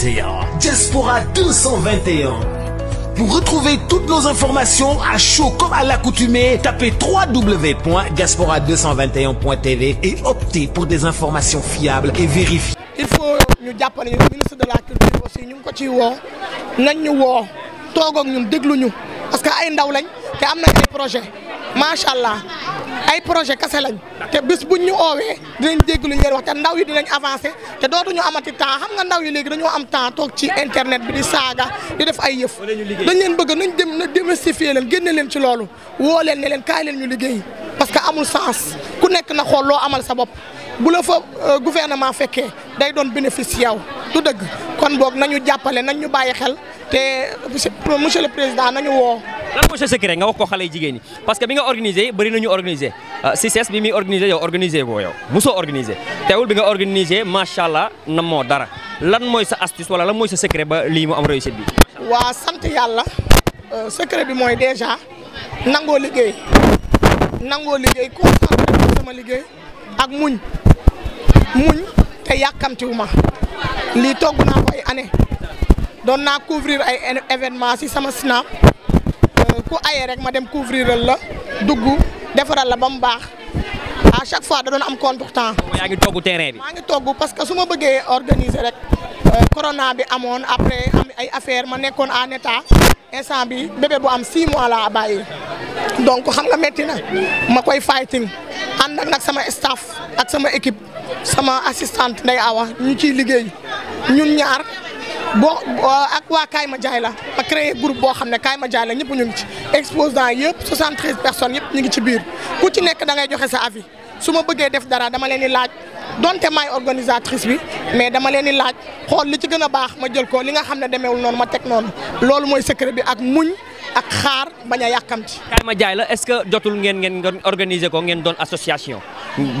221 Diaspora 221 pour retrouver toutes nos informations à chaud comme à l'accoutumée, tapez www.diaspora221.tv et optez pour des informations fiables et vérifiées. il faut ñu jàppale ñu ministre de la culture aussi ñu ngi ko ciy woo nañ ñu woo toog ak ñun déglu ñu parce que ay ndaw lañ te macha allah ay projet kase lañ te bis bu ñu oowee dinañ dégg lu ñuy wax te ndaw yi dinañ avancer te dootuñu amati temps xam nga ndaw yi léegi dañoo am temps toog ci internet bi di saaga di def ay yëf dañu leen bëgg nañ dem na démystifier leen génne leen ci loolu woo leen ne leen kaay leen ñu liggéey parce que amul sens ku nekk na xool loo amal sa bopp bu la fa euh, gouvernement fekkee day doon bénéfice yow du dëgg kon boog nañu jàppale nañ ñu bàyyi xel te monsieur le président nañu woo. lan mooy sa secret nga wax ko xale jigéen ñi parce que bi nga organisé bëri nañu organisé CICES ah, bi muy organisé yow organisé boo yow mosoo organisé teewul bi nga organisé macha allah na moo dara lan mooy sa astuce wala lan mooy sa secret ba lii mu am réussite bi. waa sant yàlla euh, secret bi mooy déjà nangoo liggéey nangoo liggéey concentré sama muñ te yàkkamtiwu ma lii togg naa ko ay année doon naa couvrir ay événement si sama snap euh, ku ayee rek ma dem couvriral la dugg defaral la ba mu baax à chaque fois da doon am contretemps. yaa ngi togg terrain bi. maa ngi togg parce que su ma bëggee organiser rek. Euh, corona bi amoon après am ay affaire ma nekkoon en état instant bi bébé bu am 6 mois laa bàyyi. donc xam nga metti na ma koy fighting ànd ak nag sama staff ak sama équipe sama assistante nday awa ñu ciy liggéey ñun ñaar boo ak waa Kaay ma jaay la ma créé groupe boo xam ne Kaay ma jaay la ñëpp ñu ngi ci exposant yëpp 73 personnes yëpp ñu ngi ci biir ku ci nekk da ngay joxe sa avi su ma bëggee def dara dama leen di laaj donte maay organisatrice bi mais dama leen di laaj xool li ci gën a baax ma jël ko li nga xam ne demeewul noonu ma teg noonu loolu mooy secret ak muñ. ak xaar bañ a yàkkamti. kaay ma jaay la est-ce que jotul ngeen ngeen organiser ko ngeen doon association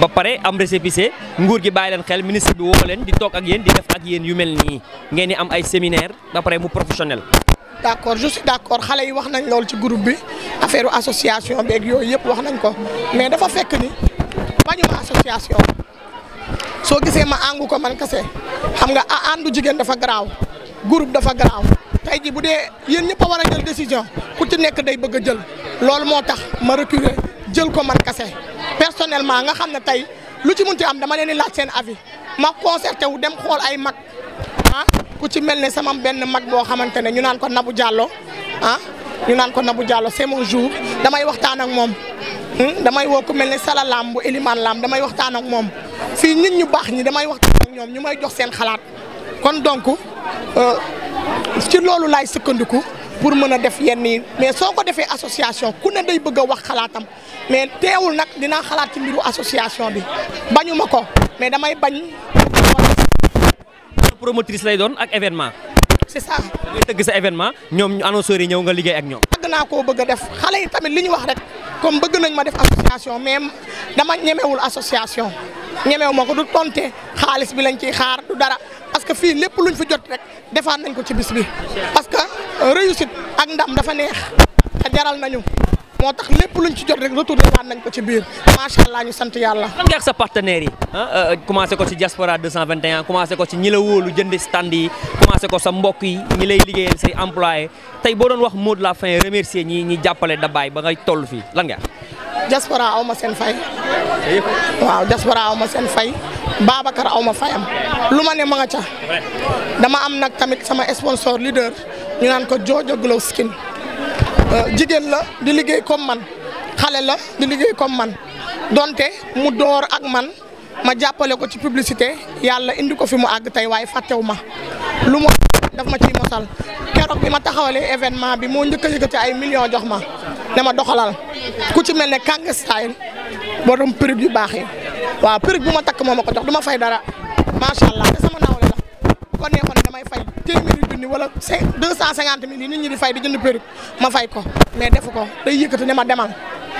ba pare am récépissé nguur gi bàyyi leen xel ministre bi woo leen di toog ak yéen di def ak yéen yu mel nii ngeen di am ay séminaire ba pare mu professionnel. d'accord je d'accord xale yi wax nañ lool ci groupe bi affaire association beeg yooyu yëpp wax nañ ko mais dafa fekk ni bañu ma association soo gisee ma àngu ko man kese xam nga àndu jigéen dafa garaaw groupe dafa garaaw. tey ji bu dee yéen ñëpp a war a jël décision ku ci nekk day bëgg a jël loolu moo tax ma reculer jël ko man kase personnellement nga xam ne tey lu ci mun ci am dama leen di laaj seen avis ma concerté wu dem xool ay mag ah ku ci mel ne sama benn mag boo xamante ne ñu naan ko Nabou Diallo ah ñu naan ko Nabou Diallo c'est mon jour damay waxtaan ak moom hmm, damay woo ku mel ne Sala Lam bu Elimane Lam damay waxtaan ak moom si nit ñu baax ñi damay waxtaan ak ñoom ñu may jox seen xalaat kon donc. Euh, ci loolu laay sëkkandiku pour mën a def yenn yi mais soo ko defee association ku ne day bëgg a wax xalaatam mais teewul nag dinaa xalaat ci mbiru association bi bañu ma ko mais damay bañ. promotrice lay doon ak événement. c'est ça. da ngay tëgg sa événement ñoom ñu annonceurs yi ñëw nga liggéey ak ñoom. yàgg naa koo bëgg a def xale yi tamit li ñu wax rek comme bëgg nañ ma def association mais dama ñemewul association ñemewu ma ko du tonte xaalis bi lañ ciy xaar dara. parce que fii lépp luñ fi jot rek defaat nañ ko ci bis parce que euh, réussite ak ndam dafa neex te jaral nañu moo tax lépp luñ ci jot rek retour defaat nañ ko ci biir macha la ñu sant yàlla. lan nga ak sa partenaire yi ah commencé ko ci diaspora 221 commencé ko ci ñi la wóolu jënd stand yi commencé ko sa mbokk yi ñi lay liggéeyal say employé tey boo doon wax mot la fin remercier ñi ñi jàppale Dabaye ba ngay toll fii lan nga. diaspora aw ma seen fay waaw diaspora aw ma seen fay Babacar aw ma fayam lu ma ne ma nga ca dama am nag tamit sama sponsor leader ñu naan ko Jojo Glow Skin euh, jigéen la di liggéey comme man xale la di liggéey comme man donte mu door ak man ma jàppale ko ci publicité yàlla indi ko fi mu àgg tey waaye fàttewu ma lu ma daf ma ciy mosal keroog bi ma taxawalee événement bi moo njëkk a yëkkati ay millions jox ma ne ma doxalal ku ci mel ne Kang Style borom perruque yu baax yi waaw perruque bu ma takk moom ma ko jox du ma fay dara macha allah te sama nawle la ko neexoon damay fay téeméeri junni wala cinq deux cent cinquante mille yi nit ñi di fay di jënd perruque ma fay ko mais defu ko day yëkkati ne ma demal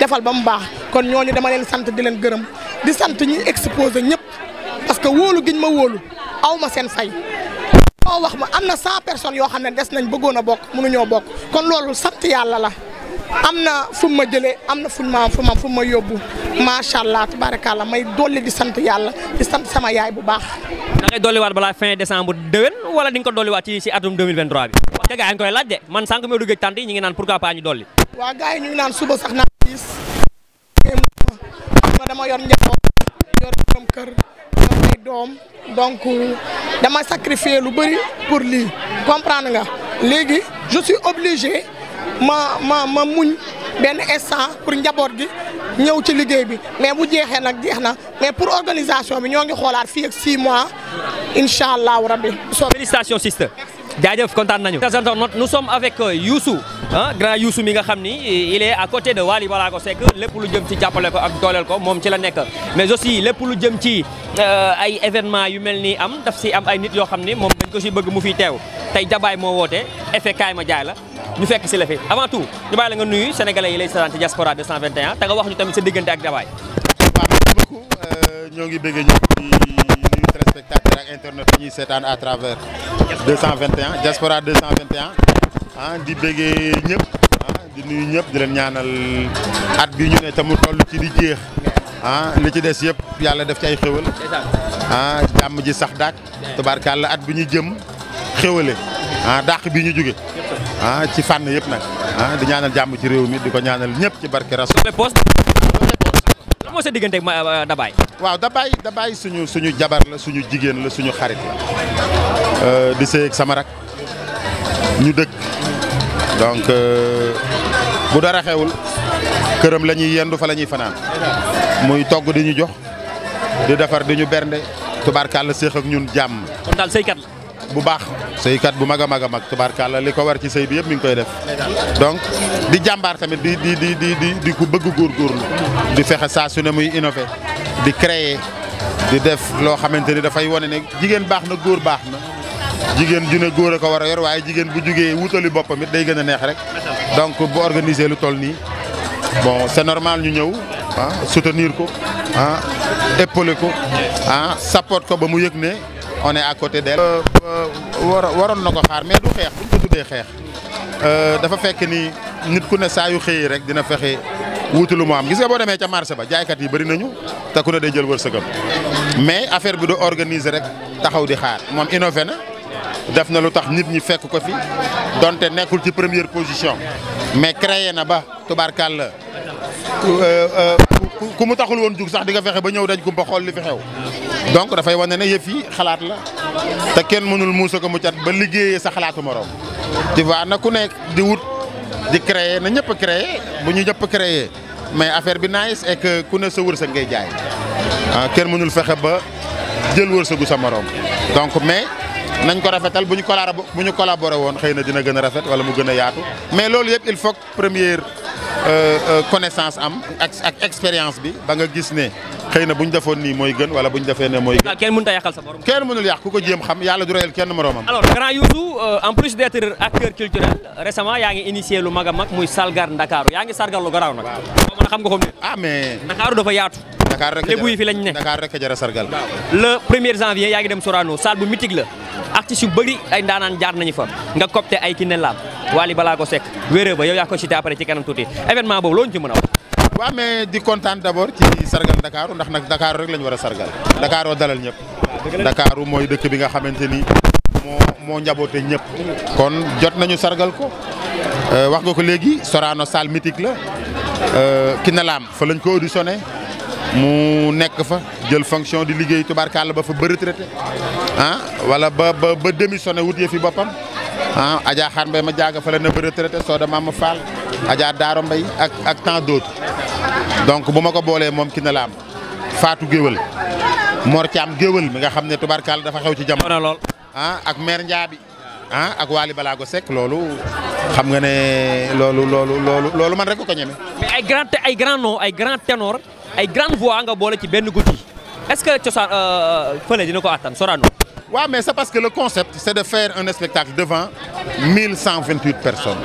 defal ba mu baax kon ñooñu dama leen sant di leen gërëm di sant ñi exposé ñëpp parce que woolu giñ ma woolu aw ma seen fay. boo wax ma am na cent personnes yoo xam ne des nañ bëggoon a bokk mënuñoo bokk kon loolu yàlla la. am na fu ma jëlee am na fu ma fu ma fu ma yóbbu macha allah tabarakalla may dolli di sant yàlla di sant sama yaay bu baax. da ngay dolliwaat balaa fin décembre déwén wala di nga ko dolliwaat ci ci atum 2023 bi. te gars yi ngi koy laaj de man sànq mi duggee tànt yi ñu ngi naan pourquoi pas ñu dolli. waa gars yi ñu ngi naan suba sax naa gis. xam nga dama yor njaboot yor borom kër yor doom donc dama sacrifier lu bëri pour lii comprendre nga léegi je suis ma ma ma muñ benn instant pour njaboot gi ñëw ci liggéey bi mais bu jeexee nag jeex na mais pour organisation bi ñoo ngi xoolaat fii ak 6 mois incha allahu rabbi. félicitations sister jaajëf kontaan nañu. nous sommes avec euh, Youssou ah grand Youssou mi nga xam ni il est à côté de Wally Ballago Seck lépp lu jëm ci jàppale ko ak dooleel ko moom ci la nekk mais aussi lépp lu jëm ci euh, ay événement yu mel ni am daf si am ay nit yoo xam ni moom dañ ko si bëgg mu fi teew tey jabaay moo woote effet kaay ma jaay ñu fekk si la fi avant tout ñu bàyyi la nga nuyu sénégalais yi lay seetaan ci diaspora te nga wax ñu tamit sa diggante ak Dabaye. waaw merci beaucoup euh, ñoo ngi bëgg ñëpp di ñuy seetaan à travers 221 diaspora 221 ah di bëggee ñëpp ah di nuyu ñëpp di leen ñaanal at bi ñu ne te mu toll ci di jeex ah li ci des yëpp yàlla def ci ay xéwal ah jàmm ji sax daak tabarkàlla at bi ñu jëm xéwale ah dàq bi ñu jóge ah ci fànn yëpp nag ah di ñaanal jàmm ci réew mi di ko ñaanal ñëpp ci barke rasul lan moo sa diggante ak euh, Dabaye waaw Dabaye Dabaye suñu suñu jabar la suñu jigéen la suñu xarit la euh, di sëy ak sama rak ñu dëkk donc euh, bu dara xewul këram la ñuy yendu fa la ñuy fanaan muy togg di ñu jox di defar di ñu bernde tubaarkàlla séex ak ñun jàmm kon daal sëykat la bu baax seykat bu mag a mag a mag tubaarkàlla li ko war ci sëy bi yëpp mi ngi koy def donc di jàmbaar tamit di di di di di di ku bëgg la di fexe saa su ne muy innové di créer di def loo xamante ni dafay wone ne jigéen baax na góor baax na jigéen ju ne góor a ko war a yor waaye jigéen bu jugee wutali boppam it day gën a neex rek donc bu organiser lu toll nii bon c'est normal ñu ñëw ah soutenir ko ah ko ah ko ba mu yëg ne on est à euh, waroon na ko xaar mais du xeex buñ ko xeex euh, dafa fekk ni nit ku ne saa yu xëy rek dina fexe wuti lu mu am gis nga boo demee ca marché ba jaaykat yi bëri nañu te ku ne day jël wërsëgam mais affaire bi du organiser rek taxaw di xaar moom innové na def na lu tax nit ñi fekk ko fi donte nekkul ci première position mais créé na ba tubaarkàlla euh, ku mu taxul woon jug sax di fexe ba ñëw dañ kumpa xool fi xew donc dafay wane na yëf yi xalaat la te kenn mënul muusa ko mu cat ba liggéeyee sa xalaatu morom tu vois na ku nekk di wut di créer na ñëpp créer bu ñu ñëpp créer mais affaire bi nice ku ne sa ngay jaay ah kenn mënul fexe ba jël wërsëgu sa morom donc mais nañ ko rafetal bu ñu collabo bu ñu collaboré woon xëy na dina gën rafet wala mu gën a yaatu mais loolu yëpp il faut première Euh, euh, connaissance am ak ak expérience bi ba nga gis ne xëy na bu ñu defoon nii mooy gën wala bu ñu defee ne mooy gën. kenn mënut a yàqal sa borom. kenn mënul yàq ku ko jéem xam yàlla du royal kenn moroomam. alors grand Youssou euh, en plus d' acteur culturel récemment yaa ngi initié lu mag a muy Salgar Ndakaaru yaa ngi sargal lu garaaw nag. xam nga ko ah mais. lébu yi fi lañ ne Dakar rek jara sargal le premier janvier yaa ngi dem Sorano salle bu mythique la artistes yu bëri ay ndaanaan jaar nañu fa nga copte ay Kiné Lam Wally Ballago Seck wéeré ba yow yaa ko cité après ci kanam tuuti événement boobu loolu ñu ci mën a wax waaw mais di kontaan d'abord ci sargal Dakar ndax nag Dakar rek la ñu war a sargal Dakar oo dalal ñëpp Dakar mooy dëkk bi nga xamante ni moo moo njaboote ñëpp kon jot nañu sargal ko euh, wax nga ko léegi Sorano salle mythique la euh, Kiné Lam fa lañ ko auditionné mu nekk fa jël fonction di liggéey tubaarkàlla ba fa ba retraité ah wala ba ba ba démissionné wut yëfi boppam ah Adja Xaar Mbay ma jaaga fa la na ba retraité soo ma Mama Fall Adja Daaro Mbay ak ak tant donc bu ma ko boolee moom ki na faatu am Fatou Géwël Mor Thiam Géwël mi nga xam ne tubaarkàlla dafa xew ci jamono lool ah ak mère Ndiabi ah ak Waly Balago Seck loolu xam nga ne loolu loolu loolu loolu man rek ko ñeme. ay grand ay grand ay grande voix nga boole ci benn guddi est-ce que cosaan euh, fële dina ko attan Sorano. waaw mais c'est parce que le concept c'est de faire un spectacle devant 1128 personnes.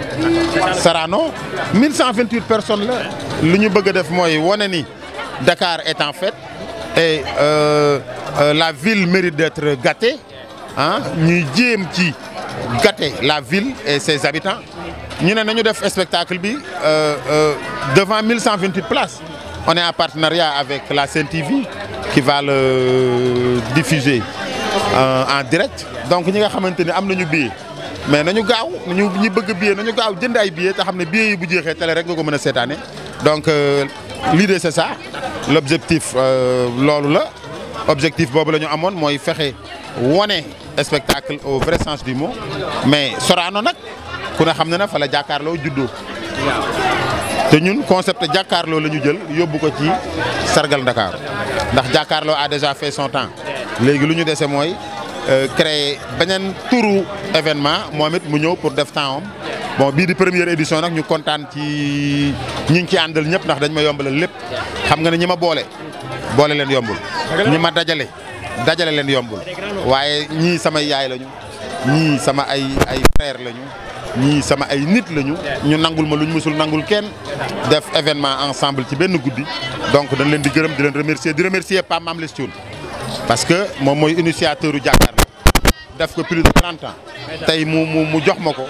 Sorano 1128 personnes la. lu ñu bëgg a def mooy wane ni Dakar est en fête et euh, euh, la ville mérite d'être gâtée ah ñuy jéem ci gâter la ville et ses habitants ñu ne nañu def spectacle bi euh, euh devant 1128 places. On est partenariat avec la CNTV qui va le diffuser euh, en direct. Donc ñi nga xamante ni am nañu billet mais na ñu gaaw ñu ñi bëgg na ñu gaaw jënd ay billet te xam ne billet yi bu jeexee télé rek nga ko mën a seetaane donc euh, l'idée c'est ça l'objectif euh, loolu la objectif boobu la ñu amoon mooy fexe wone spectacle au vrai sens du mot mais Sorano nag ku ne xam ne na fa la jàkkaarloo juddoo. te ñun concept jàkkaarloo la ñu jël yóbbu ko ci sargal Dakar ndax jàkkaarloo a déjà fait son temps léegi lu ñu dese mooy euh, créer beneen turu événement moom it mu ñëw pour def temps am bon bii di première édition nag ñu kontaan ci ñi ngi ci àndal ñëpp ndax dañ ma yombalal lépp xam nga ne ñi ma boole boole leen yombul ñi ma dajale dajale leen yombul waaye ñii sama yaay lañu ñii sama ay ay frère lañu ñii sama ay nit lañu ñu nangul ma lu luñ musul nangul kenn def événement ensemble ci benn guddi donc dañ leen di gërëm di leen remercier di remercier Pape Mame Less parce que moom mooy initiateur u Jakaarlo def ko plus de trente ans tey mu mu mu jox ma ko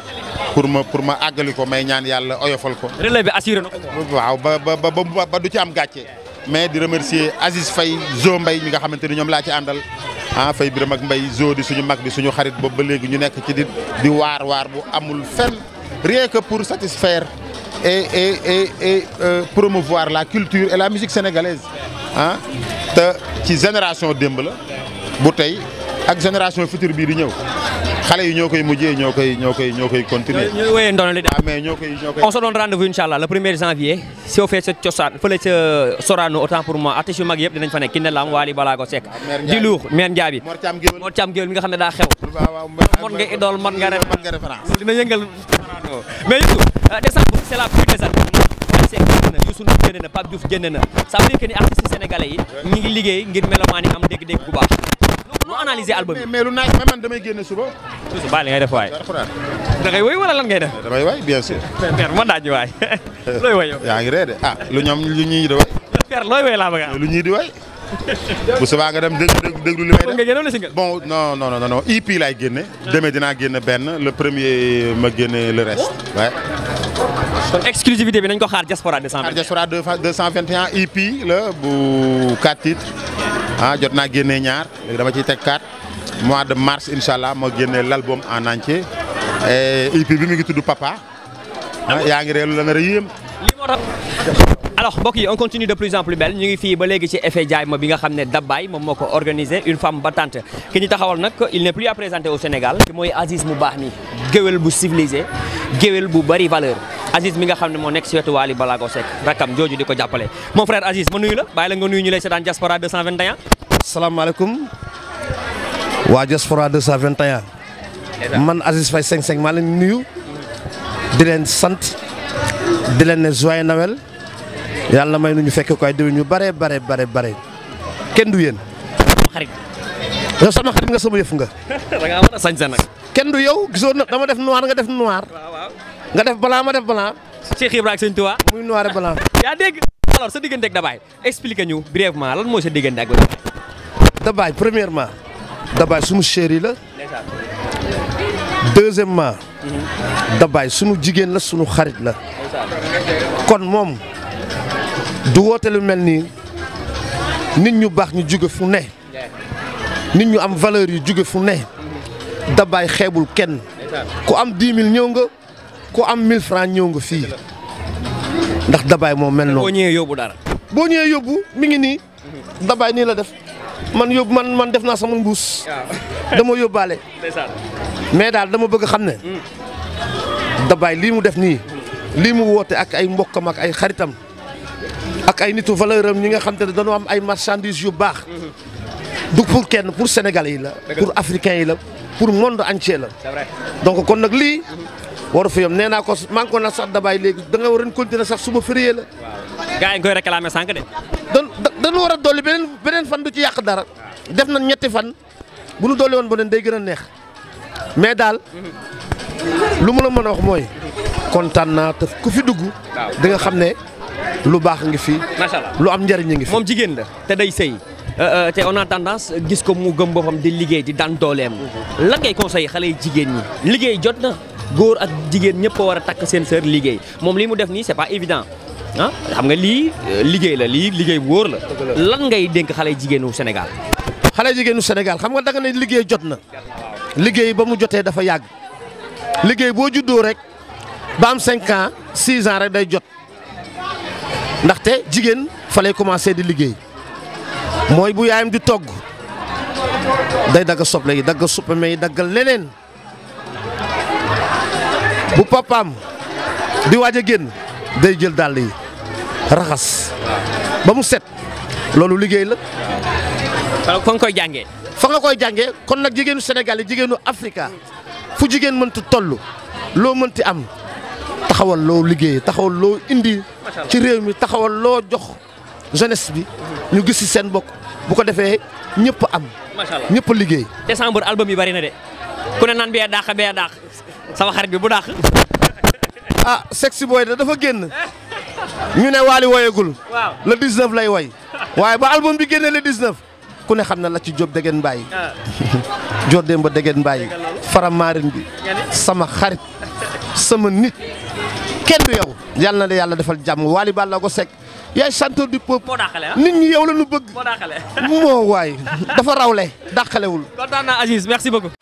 pour ma pour ma àggali ko may ñaan yàlla oyofal ko. relais bi assuré na ko. waaw ba ba ba ba du ci am gàccee mais di remercier Aziz Faye Zo mbay ñi nga xamante ni ñoom laa ci àndal ah Faye Birame ak mbay Zo di suñu mag di suñu xarit boobu ba léegi ñu nekk ci di di waar waar bu amul fenn rien que pour satisfaire et et et et euh, promouvoir la culture et la musique sénégalaise ah te ci génération démb la bu tey ak génération future bii di ñëw. xale yi ñoo koy mujjee ñoo koy ñoo koy ñoo koy continuer. ñooy wéyee ndono li de. waaw ah, mais rendez-vous incha allah premier janvier. soo fee sa cosaan fële sa Sorano autant pour moi artistes yu mag yëpp dinañ fa nekk Kiné Lam Wally Balago Seck. di ah, Lour Mère Ndiaby Mor Thiam Guewel mi nga xam ne daa xew. waaw nga idole mot nga référence. dina yëngal mais Youssou euh, décembre c'est la pluie des années. Seck génn na Youssou Ndour génn na Pape Diouf génn na ni artistes sénégalais yi. ñu ngi liggéey ngir melomaan am dégg-dégg bu analyser album bi. mais lu naaj man damay génne suba. suba li ngay def waay. da ngay woy wala lan ngay def. damay de ah lu ñoom di woy. père looy a bu subaa nga dem déglu déglu li may def nga e génne dinaa génne benn la premier ma génne le reste. waaye. exclusivité bi nañ ko xaar Diaspora 221. xaar Diaspora 221 e la bu 4 titres. ah jot naa génne ñaar léegi dama ci teg quatre mois de mars incha allah ma génnee l'album en entier EP e bi mi ngi tudd Papa. Ah, yaa ngi reelu la nar a yéem. alors mbokk yi on continue de plus en plus ñu ngi fii ba léegi ci effet jaay ma bi nga xam ne Dabaye moom moo ko organisé une femme battante ki ñu taxawal nag il n'est plus à présenter au Sénégal. mooy Aziz mu baax mi géwél bu civilisé géwél bu bari valeur. Aziz mi nga xam ne moo nekk si wetu Waly Balago Seck rakam jooju di ko jàppale mon frère Aziz ma nuyu la bàyyi la nga nuyu ñu lay seetaan Diaspora 221. salaamaaleykum waa Diaspora 221. man Aziz Faye 55 maa leen nuyu. di leen sant di leen ne joyeux Noël yàlla may nu ñu fekk koy déwén ñu bare bare bare bare kenn du yéen. xarit. yow sama xarit nga sama yëf nga. da ngaa a sañ sa nag. kenn du yow gisoon na dama def noir nga def noir. nga def balaa ma def blanc. Cheikh Ibra ak Sëñ Tuubaa. muy noir et blanc. yaa dégg alors sa diggante ak Dabaye explique ñu brièvement lan mooy sa diggante ak Dabaye premièrement. Dabaye suñu chéri la. deuxièmement. Dabaye suñu jigéen la suñu xarit la. kon moom du woote mel nii nit ñu baax ñu jóge fu ne. nit ñu am valeur yu jóge fu ne. Mm-hmm. Dabaye xeebul kenn. ku am 10 000 ñëw nga. ku am 1000 francs ñëw nga fii ndax dabaay moom mel noonu. boo ñëwee yóbbu dara. boo ñëwee yóbbu mi ngi nii dabaay nii la def man yóbbu man man def naa sama mbuus. dama yóbbaale. mais daal dama bëgg xam ne. Hmm. dabaay lii mu def nii. lii mu woote ak ay mbokkam ak ay xaritam ak ay nitu valeur am ñi nga xamte te ne dañoo am ay marchandises yu baax. Hmm. du pour kenn pour sénégalais yi la. pour africains yi la pour monde entier la. donc kon nag lii. Hmm. waru fi yom nee naa ko maa ngi ko na sax dabaay léegi da nga waroon continuer sax suba férié la. waaw gars yi ñu koy réclamé sànq de. doon war a dolli beneen beneen fan du ci yàq dara. def nañ ñetti fan bu nu dolli woon beneen day gën a neex mais daal mhm. lu ma la mën a wax mooy kontaan naa te ku fi dugg. di nga xam ne lu baax ngi fi. macha allah lu am njëriñ ngi fi jigéen la te day sëy Euh, euh, te on a gis ko mu gëm boppam di liggéey di daan dooleem lan ngay conseil xale yi jigéen ñi liggéey jot na góor ak jigéen ñëpp ko war a takk seen sër liggéey moom lii mu def nii c'est pas évident ah, xam nga lii euh, liggéey la lii liggéey bu wóor la lan ngay dénk xale yi jigéenu Sénégal xale jigéenu Sénégal xam nga danga ne liggéey jot na liggéey ba mu jotee dafa yàgg liggéey boo juddoo rek ba am 5 ans 6 ans rek day jot ndaxte jigéen fa lay commencer di liggéey mooy bu yaayam di togg day dagg soble yi dagg suppame yi dagg leneen bu papaam di waaj a génn day jël dàll yi raxas ba mu set loolu liggéey la. fa nga koy jàngee. fa nga koy jànge kon nag jigéenu Sénégal yi jigéenu Afrika fu jigéen mënti tollu loo mënti am taxawal loo liggéey taxawal loo indi. ci réew mi taxawal loo jox. jeunesse bi ñu gis si seen bokk bu ko defee ñëpp am. macha ñëpp liggéey. décembre album yi bari na de ku ne naan dàq bee dàq sama xarit bi bu daax ah sexy boy da dafa génn ñu ne Wally woyagul. waaw le 19 lay woy waaye ba album bi génnee le 19 ku ne xam na la ci Diop Degen Mbaye. Ah. dem ba Degen Mbaye. faramaarin bi sama xarit sama nit kenn du yow. yàlla na de yàlla defal jàmm la Ballago Seck. yaay chanteur du peuple. moo dàqale ah nit yow la ñu bëgg. moo dàqale moo waay dafa rawle dàqalewul. kontaan naa Aziz merci beaucoup.